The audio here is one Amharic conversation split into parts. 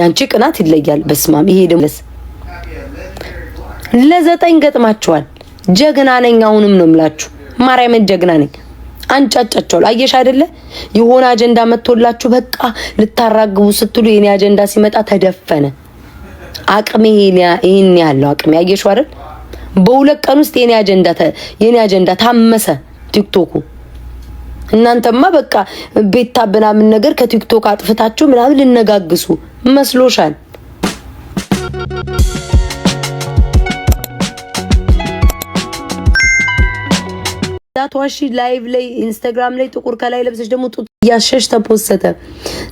ያንቺ ቅናት ይለያል። በስማም ይሄ ደግሞ ለዘጠኝ ገጥማችኋል። ጀግና ነኝ። አሁንም ነው የምላችሁ ማርያምን ጀግና ነኝ። አንጫጫቸዋል። አየሽ አይደለ? የሆነ አጀንዳ መጥቶላችሁ በቃ ልታራግቡ ስትሉ የኔ አጀንዳ ሲመጣ ተደፈነ። አቅሜ ይሄን ያለው አቅሜ አየሽ አይደል? በሁለት ቀን ውስጥ የኔ አጀንዳ የኔ አጀንዳ ታመሰ ቲክቶኩ እናንተማ በቃ ቤታ ምናምን ነገር ከቲክቶክ አጥፍታችሁ ምናምን ልነጋግሱ መስሎሻል። ዳቷሺ ላይቭ ላይ ኢንስታግራም ላይ ጥቁር ከላይ ለብሰሽ ደግሞ ጡት እያሸሽ ተፖሰተ።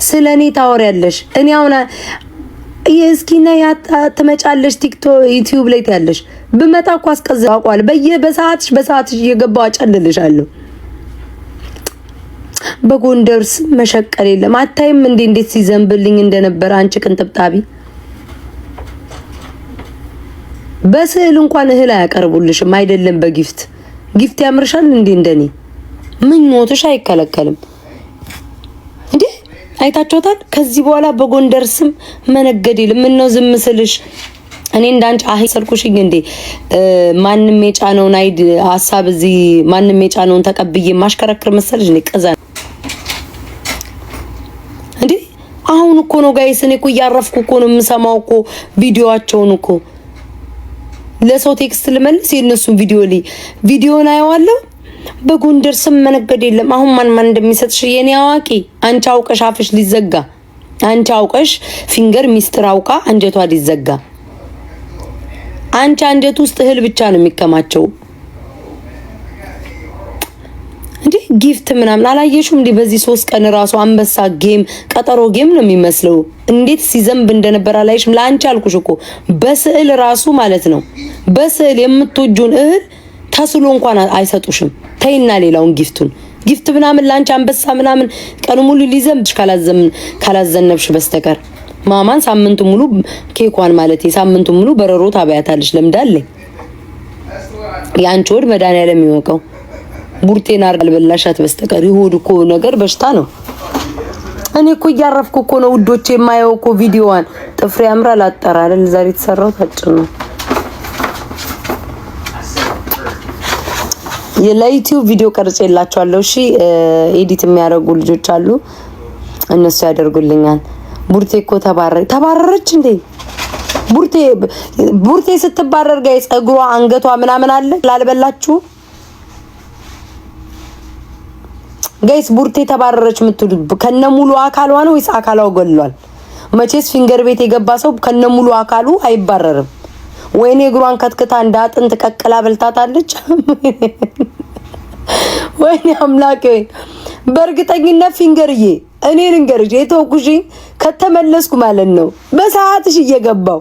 ስለ እኔ ታወሪያለሽ። እኔ አሁን የእስኪና ትመጫለሽ ቲክቶክ ዩቲዩብ ላይ ትያለሽ። ብመጣ እኮ አስቀዝ አውቋል። በየ በሰዓትሽ በሰዓትሽ እየገባው አጨልልሻለሁ። በጎንደርስ መሸቀል የለም። አታይም እንዴ እንዴት ሲዘንብልኝ እንደነበረ አንቺ ቅንጥብጣቢ። በስዕል እንኳን እህል አያቀርቡልሽም አይደለም በጊፍት ጊፍት ያምርሻል እንዴ? እንደኔ ምኞትሽ አይከለከልም እንዴ? አይታችኋታል። ከዚህ በኋላ በጎንደር ስም መነገድ ምን ነው ዝም ስልሽ እኔ እንዳንቺ አህ ሰልኩሽኝ እንዴ? ማንም የጫነውን አይድ ሀሳብ እዚህ ማንም የጫነውን ተቀብዬ ማሽከረክር መሰልሽ እኔ ቀዛ አሁን እኮ ነው ጋይስ፣ እኔ እኮ እያረፍኩ እኮ ነው የምሰማው እኮ ቪዲዮአቸውን እኮ ለሰው ቴክስት ልመልስ የእነሱን ቪዲዮ ላይ ቪዲዮን አየዋለሁ። በጎንደር ስም መነገድ የለም። አሁን ማን ማን እንደሚሰጥሽ የኔ አዋቂ። አንቺ አውቀሽ አፍሽ ሊዘጋ፣ አንቺ አውቀሽ ፊንገር ሚስጥር አውቃ አንጀቷ ሊዘጋ፣ አንቺ አንጀት ውስጥ እህል ብቻ ነው የሚከማቸው። ጊፍት ምናምን አላየሽም እንዴ? በዚህ ሶስት ቀን ራሱ አንበሳ ጌም ቀጠሮ ጌም ነው የሚመስለው። እንዴት ሲዘንብ እንደነበር አላየሽም? ለአንቺ አልኩሽ እኮ በስዕል ራሱ ማለት ነው በስዕል የምትወጁን እህል ተስሎ እንኳን አይሰጡሽም። ተይና ሌላውን ጊፍቱን ጊፍት ምናምን ለአንቺ አንበሳ ምናምን ቀኑ ሙሉ ሊዘንብሽ ካላዘነብሽ በስተቀር ማማን ሳምንቱ ሙሉ ኬኳን ማለት ሳምንቱ ሙሉ በረሮ ታበያታለች። ለምዳለኝ የአንቺ ወድ መድኃኒዓለም የሚወቀው ቡርቴን አልበላሻት በስተቀር ይሁድ እኮ ነገር በሽታ ነው። እኔ እኮ እያረፍኩ እኮ ነው ውዶቼ፣ የማየው እኮ ቪዲዮዋን። ጥፍሬ ያምራል አይደል? ዛሬ የተሰራው ታጭር ነው። ለዩቲዩብ ቪዲዮ ቀርጬ የላቸዋለሁ። እሺ ኤዲት የሚያደርጉ ልጆች አሉ፣ እነሱ ያደርጉልኛል። ቡርቴ እኮ ተባረ ተባረረች እንዴ! ቡርቴ ቡርቴ ስትባረር ጋይ ጸጉሯ አንገቷ ምናምን አለ ላልበላችሁ ጋይስ ቡርቴ ተባረረች የምትሉ ከነ ሙሉ አካሏ ነው ወይስ አካሏ ገሏል? መቼስ ፊንገር ቤት የገባ ሰው ከነ ሙሉ አካሉ አይባረርም። ወይኔ እግሯን ከትክታ እንደ አጥንት ቀቅላ በልታታለች። ወይኔ አምላኬ ወይ በእርግጠኝነት ፊንገርዬ እኔ ልንገርሽ የተውኩሽ ከተመለስኩ ማለት ነው በሰዓትሽ እየገባው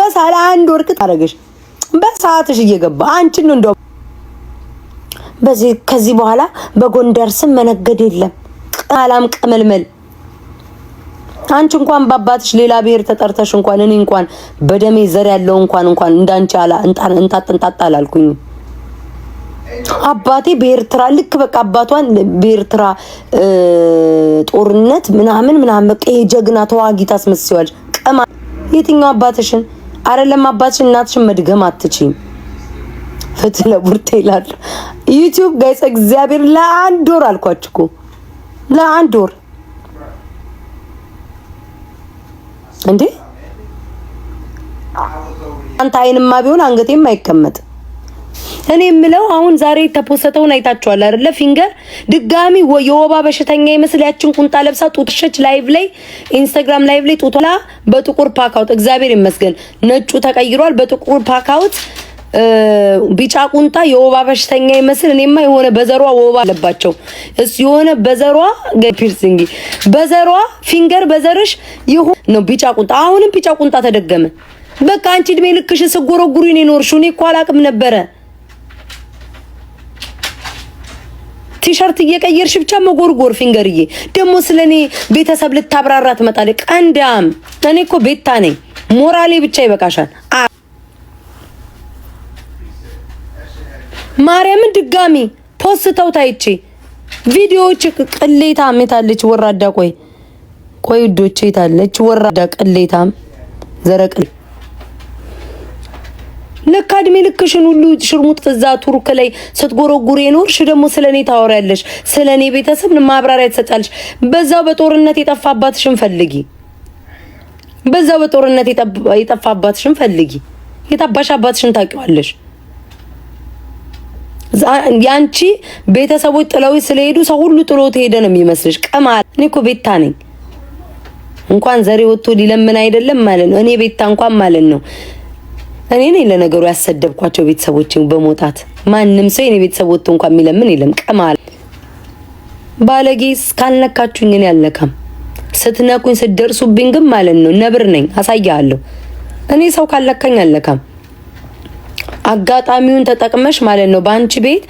በሳ ለአንድ ወርቅ ታረገሽ በሰዓትሽ እየገባ አንቺን ነው እንደው በዚህ ከዚህ በኋላ በጎንደር ስም መነገድ የለም። ቃላም ቀመልመል አንቺ እንኳን በአባትሽ ሌላ ብሔር ተጠርተሽ እንኳን እኔ እንኳን በደሜ ዘር ያለው እንኳን እንኳን እንዳንቺ አላ እንጣን እንጣጥ እንጣጣ አላልኩኝ። አባቴ በኤርትራ ልክ በቃ አባቷን በኤርትራ ጦርነት ምናምን ምናምን በቃ ይሄ ጀግና ተዋጊ ታስመስዋለች። ቀማ የትኛው አባትሽን አይደለም አባትሽን እናትሽን መድገም አትችይም። ፍትህ ለቡርቴ ይላሉ። ዩቲዩብ ጋይስ እግዚአብሔር ለአንድ ወር አልኳችሁ እኮ ለአንድ ወር እንዴ አንተ አይንማ ቢሆን አንገቴም አይቀመጥ። እኔ የምለው አሁን ዛሬ የተፖሰተውን አይታችኋል አይደለ? ፊንገር ድጋሚ የወባ በሽተኛ ይመስል ያችን ቁንጣ ለብሳ ጡትሸች ላይቭ ላይ ኢንስታግራም ላይቭ ላይ ጡቷላ በጥቁር ፓካውት እግዚአብሔር ይመስገን ነጩ ተቀይሯል። በጥቁር ፓካውት ቢጫ ቁንጣ የወባ በሽተኛ ይመስል እኔማ የሆነ በዘሯ ወባ አለባቸው እ የሆነ በዘሯ ፒርሲንግ በዘሯ ፊንገር በዘርሽ ይሁን ነው ቢጫ ቁንጣ። አሁንም ቢጫ ቁንጣ ተደገመ። በቃ አንቺ እድሜ ልክሽ ስጎረጉሪ ነው የኖርሽው። እኔ እኮ አላቅም ነበረ። ቲሸርት እየቀየርሽ ብቻ መጎርጎር። ፊንገርዬ ደግሞ ስለኔ ቤተሰብ ልታብራራ ትመጣለች። ቀንዳም እኔ እኮ ቤታ ነኝ። ሞራሌ ብቻ ይበቃሻል። ማርያምን ድጋሚ ፖስተው ታይቼ ቪዲዮዎች ቅሌታም የታለች ወራዳ? ቆይ ቆይ ውዶች የታለች ወራዳ ቅሌታም ዘረቅ ለካ እድሜ ልክሽን ሁሉ ሽርሙጥ እዛ ቱርክ ላይ ስትጎረጉር የኖርሽ ደግሞ ስለኔ ታወሪያለሽ፣ ስለኔ ቤተሰብ ማብራሪያ ትሰጫለሽ። በዛው በጦርነት የጠፋባትሽን ፈልጊ፣ በዛው በጦርነት የጠፋባትሽን ፈልጊ። የታባሽ አባትሽን ታውቂዋለሽ። ያንቺ ቤተሰቦች ጥለው ስለሄዱ ሰው ሁሉ ጥሎት ሄደ ነው የሚመስልሽ። ቀማል። እኔ እኮ ቤታ ነኝ። እንኳን ዘሬ ወጥቶ ሊለምን አይደለም ማለት ነው። እኔ ቤታ እንኳን ማለት ነው እኔ ነኝ ለነገሩ ያሰደብኳቸው ቤተሰቦችን በመውጣት ማንም ሰው የኔ ቤተሰብ ወጥቶ እንኳን የሚለምን የለም። ቀማል ባለጌስ ካልነካችሁኝ እኔ አልነካም። ስትነኩኝ ስትደርሱብኝ ግን ማለት ነው ነብር ነኝ። አሳያለሁ። እኔ ሰው ካልነካኝ አልነካም። አጋጣሚውን ተጠቅመሽ ማለት ነው። በአንቺ ቤት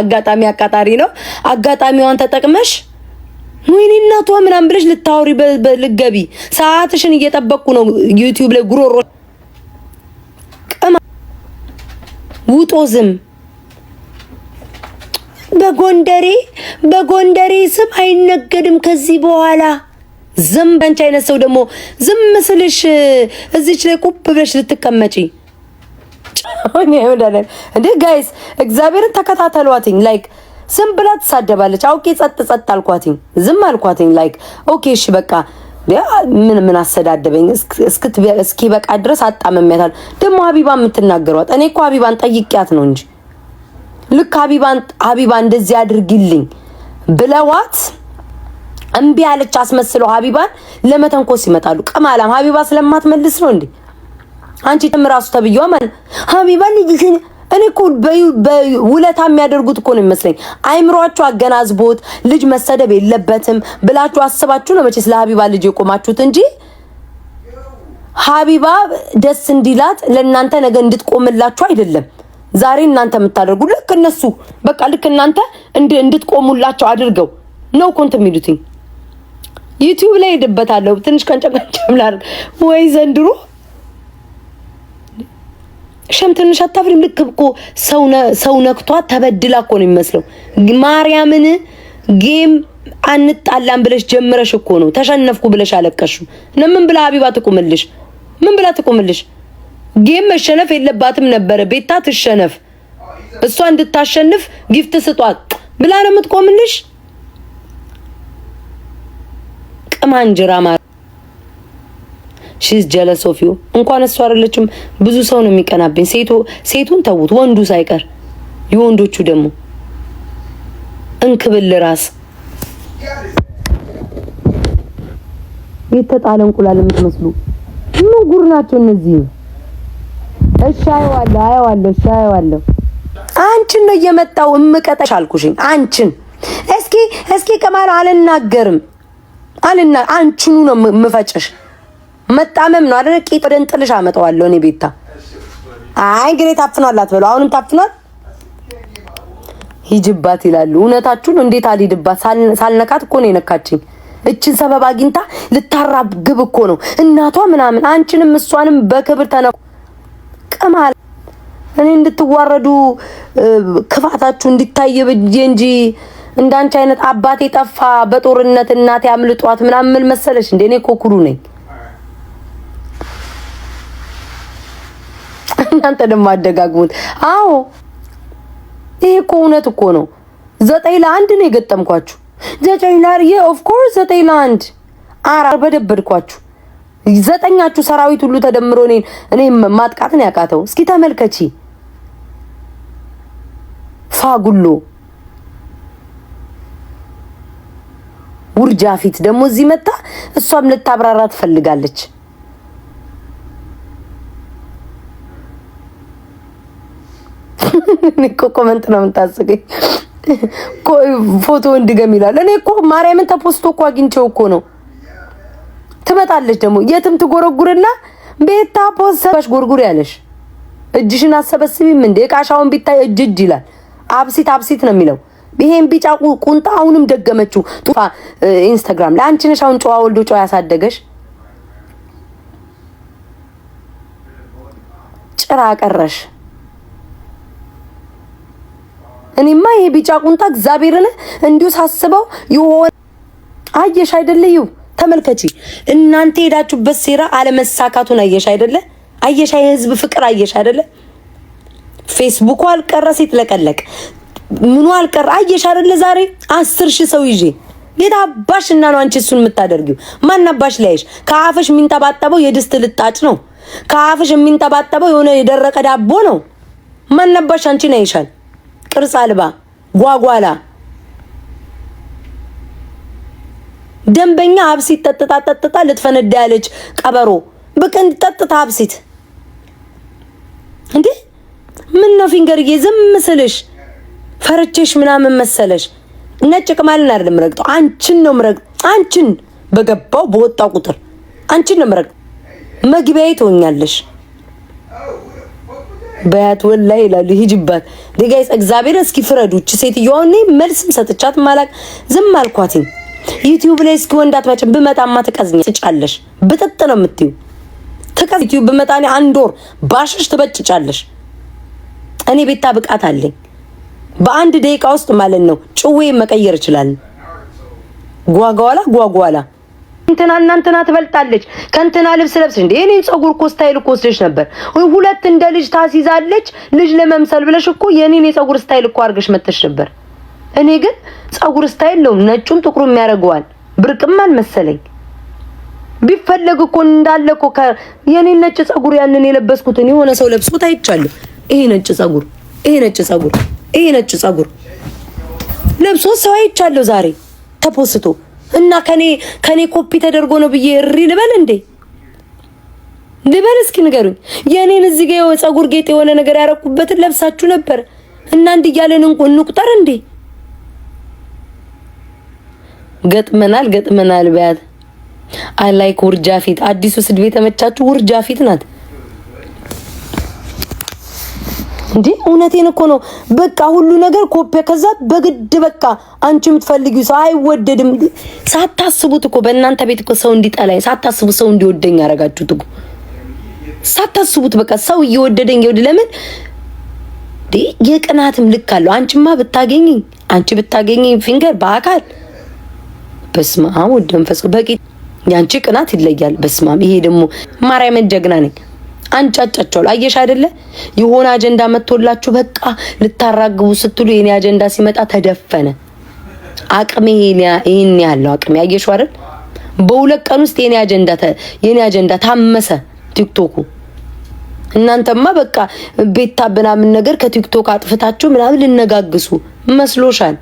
አጋጣሚ አቃጣሪ ነው። አጋጣሚዋን ተጠቅመሽ ወይኔ እናቷ ምናምን ብለሽ ልታወሪ ልገቢ። ሰዓትሽን እየጠበቅኩ ነው። ዩቲዩብ ላይ ጉሮሮ ቅማ ውጦ ዝም በጎንደሬ በጎንደሬ ስም አይነገድም ከዚህ በኋላ ዝም በንቺ አይነት ሰው ደግሞ ዝም ስልሽ እዚች ላይ ቁብ ብለሽ ልትቀመጪ እንደ ጋይስ እግዚአብሔርን ተከታተሏትኝ። ላይክ ዝም ብላ ትሳደባለች። አውቄ ጸጥ ጸጥ አልኳትኝ፣ ዝም አልኳትኝ። ላይክ ኦኬ እሺ በቃ ምን ምን አሰዳደበኝ እስኪ በቃ ድረስ አጣመሚያታል። ደግሞ ሀቢባ የምትናገሯት እኔ እኮ ሀቢባን ጠይቂያት ነው እንጂ ልክ ሀቢባ እንደዚህ አድርጊልኝ ብለዋት እምቢ ያለች አስመስለው ሀቢባን ለመተንኮስ ይመጣሉ። ቅማላም ሀቢባ ስለማትመልስ ነው እንዴ? አንቺ ራሱ ተብዬዋ ማለት ሀቢባን ልጅሽን እኔ እኮ በውለታ የሚያደርጉት እኮ ነው የሚመስለኝ። አይምሯችሁ አገናዝቦት ልጅ መሰደብ የለበትም ብላችሁ አስባችሁ ነው መቼ ስለ ሀቢባ ልጅ የቆማችሁት እንጂ ሀቢባ ደስ እንዲላት ለእናንተ ነገ እንድትቆምላችሁ አይደለም። ዛሬ እናንተ የምታደርጉ ልክ እነሱ በቃ ልክ እናንተ እንድትቆሙላቸው አድርገው ነው እኮ እንትን የሚሉትኝ ዩቲዩብ ላይ ሄድበታለሁ። ትንሽ ቀንጨቀንጨም ብላል ወይ ዘንድሮ ሸም ትንሽ አታፍሪም? ልክ እኮ ሰው ነክቷ ተበድላ እኮ ነው የሚመስለው። ማርያምን ጌም አንጣላም ብለሽ ጀምረሽ እኮ ነው ተሸነፍኩ ብለሽ አለቀሹ። ምን ብላ ሀቢባ ትቁምልሽ? ምን ብላ ትቁምልሽ? ጌም መሸነፍ የለባትም ነበረ። ቤታ ትሸነፍ፣ እሷ እንድታሸንፍ ጊፍት ስጧት ብላ ነው የምትቆምልሽ። ጠማንጅራ ጅራማ ሺዝ ጀለስ ኦፍ ዩ እንኳን እሱ አይደለችም። ብዙ ሰው ነው የሚቀናብኝ። ሴቶ ሴቱን ተዉት፣ ወንዱ ሳይቀር የወንዶቹ ደግሞ እንክብል ራስ የተጣለ እንቁላል የምትመስሉ ምን ጉር ናቸው እነዚህ? እሺ አየዋለሁ፣ አየዋለሁ፣ እሺ አየዋለሁ። አንቺን ነው እየመጣው እምቀጠሽ አልኩሽኝ። አንቺን እስኪ እስኪ ቀማል አልናገርም አልና አንቺኑ ነው የምፈጭሽ። መጣመም ነው አይደል? ቂጥ ደንጥልሽ አመጣዋለሁ እኔ ቤታ። አይ እንግዲህ ታፍኗል አትበሉ። አሁንም ታፍኗል ሂጅባት ይላሉ። እውነታችሁን እንዴት አልሄድባት? ሳልነካት እኮ ነው የነካችኝ። እችን ሰበብ አግኝታ ልታራግብ እኮ ነው እናቷ ምናምን። አንቺንም እሷንም በክብር ተነ ቀማል እኔ እንድትዋረዱ ክፋታችሁ እንዲታይ ብዬ እንጂ እንዳንቺ አይነት አባቴ ጠፋ በጦርነት እናቴ አምልጧት ምናምን ምን መሰለሽ እንደ እኔ ኮኩሉ ነኝ። እናንተ ደግሞ አደጋግሙት። አዎ ይሄ እኮ እውነት እኮ ነው። ዘጠኝ ለአንድ ነው የገጠምኳችሁ። ዘጠኝ ላር ኮርስ ዘጠኝ ለአንድ አራር በደበድኳችሁ። ዘጠኛችሁ ሰራዊት ሁሉ ተደምሮ እኔን እኔም ማጥቃትን ያቃተው። እስኪ ተመልከቺ ፋጉሎ ውርጃ ፊት ደግሞ እዚህ መጣ። እሷም ልታብራራ ትፈልጋለች። እኔ እኮ ኮመንት ነው የምታስቀኝ። ፎቶ እንድገም ይላል። እኔ እኮ ማርያምን ተፖስቶ እኮ አግኝቼው እኮ ነው። ትመጣለች ደግሞ የትም ትጎረጉርና ቤታ ፖስተሽ ጎርጉር ያለሽ እጅሽን አሰበስቢም እንዴ? ቃሻውን ቢታይ እጅ እጅ ይላል። አብሲት አብሲት ነው የሚለው ይሄን ቢጫ ቁንጣ አሁንም ደገመችው። ቱፋ ኢንስታግራም ላይ ነሽ አሁን ጨዋ ወልዶ ጨዋ ያሳደገሽ ጭራ ቀረሽ። እኔማ ይሄ ቢጫ ቁንጣ እግዚአብሔርን እንዲሁ ሳስበው ይሆን አየሽ አይደለ? ይው ተመልከቺ። እናንተ ሄዳችሁበት ሴራ አለመሳካቱን አየሽ አይደለ? አየሽ የህዝብ ፍቅር አየሽ አይደለ? ፌስቡኩ አልቀረ ሲጥለቀለቅ ምኑ አልቀር አየሽ አይደለ? ዛሬ አስር ሺህ ሰው ይዤ ጌታ አባሽ እና ነው አንቺ እሱን የምታደርጊው። ማን አባሽ ላይሽ? ከአፍሽ የሚንጠባጠበው የድስት ልጣጭ ነው። ከአፍሽ የሚንጠባጠበው የሆነ የደረቀ ዳቦ ነው። ማን አባሽ አንቺ ነው ይሻል? ቅርጽ አልባ ጓጓላ ደንበኛ አብሲት ጠጥታ ጠጥታ ልትፈነዳ ያለች ቀበሮ ብቅን ጠጥታ አብሲት እንዴ ምን ነው ፊንገርዬ ዝም ስልሽ ፈርቼሽ ምናምን መሰለሽ ነጭ ቅማልን አይደለም የምረግጠው፣ አንቺን ነው የምረግጠው። አንቺን በገባው በወጣው ቁጥር አንቺን ነው የምረግጠው። መግቢያዬ ትሆኛለሽ። በያት ወላሂ ይላሉ ሂጅባት ዲጋይስ እግዚአብሔር እስኪ ፍረዱ። እቺ ሴትዮዋ እኔ መልስም ሰጥቻት ማላቅ ዝም አልኳትኝ። ዩቲዩብ ላይ እስኪ ወንዳት ማጭ ብመጣማ ትቀዝኝ ትጫለሽ። ብጥጥ ነው የምትዩ ትቀዝ ዩቲዩብ ብመጣኔ አንድ ወር ባሽሽ ትበጭጫለሽ። እኔ ቤታ ብቃት አለኝ። በአንድ ደቂቃ ውስጥ ማለት ነው። ጭዌ መቀየር ይችላል። ጓጓላ ጓጓላ እንትና እናንትና ትበልጣለች ከእንትና ልብስ ለብስ እንዴ እኔ ጸጉር እኮ ስታይል እኮ ወስደሽ ነበር። ሁለት እንደ ልጅ ታስይዛለች። ልጅ ለመምሰል ብለሽ እኮ የኔን የጸጉር ስታይል እኮ አድርገሽ መተሽ ነበር። እኔ ግን ጸጉር ስታይል ነው ነጩም ጥቁሩም ያደርገዋል። ብርቅማን መሰለኝ ቢፈለግ እኮ እንዳለ እኮ የኔን ነጭ ጸጉር ያንን የለበስኩትን የሆነ ሰው ለብሶት አይቻለሁ። ይሄ ነጭ ጸጉር ይሄ ነጭ ጸጉር ይሄ ነጭ ጸጉር ለብሶ ሰው አይቻለሁ ዛሬ ተፖስቶ እና ከኔ ከኔ ኮፒ ተደርጎ ነው ብዬ እሪ ልበል እንዴ? ልበል እስኪ ንገሩኝ። የኔን እዚህ ጋር የጸጉር ጌጥ የሆነ ነገር ያረኩበትን ለብሳችሁ ነበር እና እንድ እያለን እንቁጠር እንዴ? ገጥመናል ገጥመናል። በያት አይ ላይክ ውርጃ ፊት። አዲሱ ስድብ የተመቻችሁ ውርጃ ፊት ናት። እንዴ እውነቴን እኮ ነው። በቃ ሁሉ ነገር ኮፒ ከዛ በግድ በቃ አንቺ የምትፈልጊው ሰው አይወደድም። ሳታስቡት እኮ በእናንተ ቤት እኮ ሰው እንዲጠላኝ ሳታስቡት ሰው እንዲወደኝ ያደርጋችሁት እኮ ሳታስቡት። በቃ ሰው እየወደደኝ ይወድ ለምን የቅናትም ልክ አለው። አንቺማ ብታገኝኝ አንቺ ብታገኝኝ ፊንገር በአካል በስመ አብ ወወልድ ወመንፈስ በቂ የአንቺ ቅናት ይለያል። በስመ አብ ይሄ ደግሞ ማርያምን ጀግና ነኝ። አንጫጫቸዋል። አየሽ አይደለ? የሆነ አጀንዳ መጥቶላችሁ በቃ ልታራግቡ ስትሉ የኔ አጀንዳ ሲመጣ ተደፈነ። አቅሜ ይሄን ያለው አቅሜ አየሽ አይደል? በሁለት ቀን ውስጥ የኔ አጀንዳ የኔ አጀንዳ ታመሰ ቲክቶኩ። እናንተማ በቃ ቤታ ምናምን ነገር ከቲክቶክ አጥፍታችሁ ምናምን ልነጋግሱ መስሎሻል።